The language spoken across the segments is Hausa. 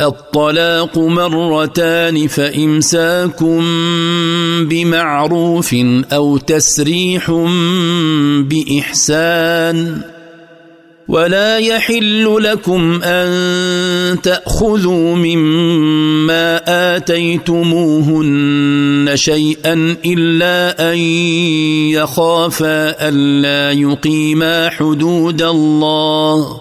الطلاق مرتان فامساكم بمعروف او تسريح باحسان ولا يحل لكم ان تاخذوا مما اتيتموهن شيئا الا ان يخافا الا يقيما حدود الله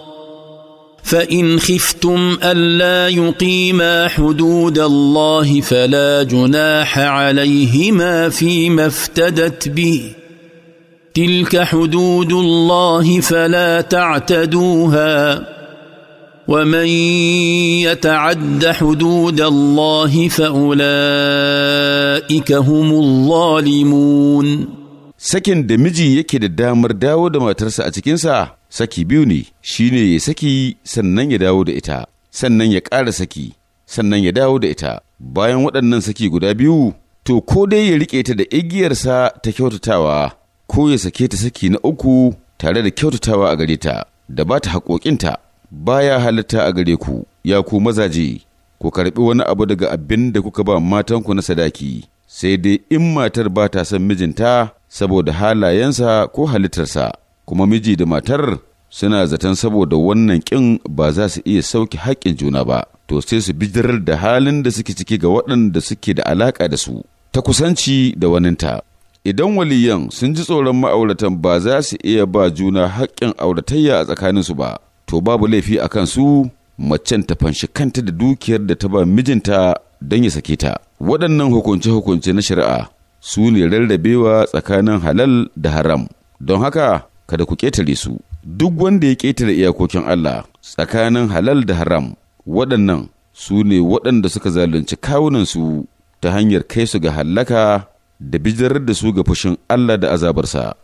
فان خفتم الا يقيما حدود الله فلا جناح عليهما فيما افتدت به تلك حدود الله فلا تعتدوها ومن يتعد حدود الله فاولئك هم الظالمون سكن دمجي يكيد دامر داود ما dawo ساعة saki biyu ne shi ne ya saki sannan ya dawo da ita sannan ya ƙara saki sannan ya dawo da ita bayan waɗannan saki guda biyu to ko dai ya riƙe ta da igiyarsa ta kyautatawa ko ya sake ta saki na uku tare da kyautatawa a gare ta da ba ta haƙoƙinta baya halitta a gare ku ya ku mazaje ku karɓi wani abu daga abin da kuka ba matanku na sadaki sai dai in matar ba ta son mijinta saboda halayensa ko halittarsa kuma miji da matar suna zaton saboda wannan ƙin ba za su iya sauke haƙƙin juna ba to sai su bijirar da halin da suke ciki ga waɗanda suke da alaƙa da su ta kusanci da waninta idan waliyan sun ji tsoron ma'auratan ba za su iya ba juna haƙƙin auratayya a tsakanin su ba to babu laifi a su macen ta fanshi kanta da dukiyar da ta ba mijinta don ya sake ta waɗannan hukunce-hukunce na shari'a su ne rarrabewa tsakanin halal da haram don haka kada ku ƙetare su duk wanda ya ƙetare iyakokin Allah tsakanin halal da haram waɗannan su ne waɗanda suka zalunci kawunansu ta hanyar kai su ga hallaka da bijirar da su ga fushin Allah da azabarsa.